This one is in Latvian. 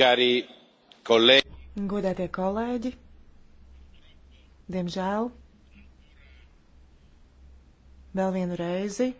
Cari kolēģi. Godētie kolēģi, diemžēl vēl vienu reizi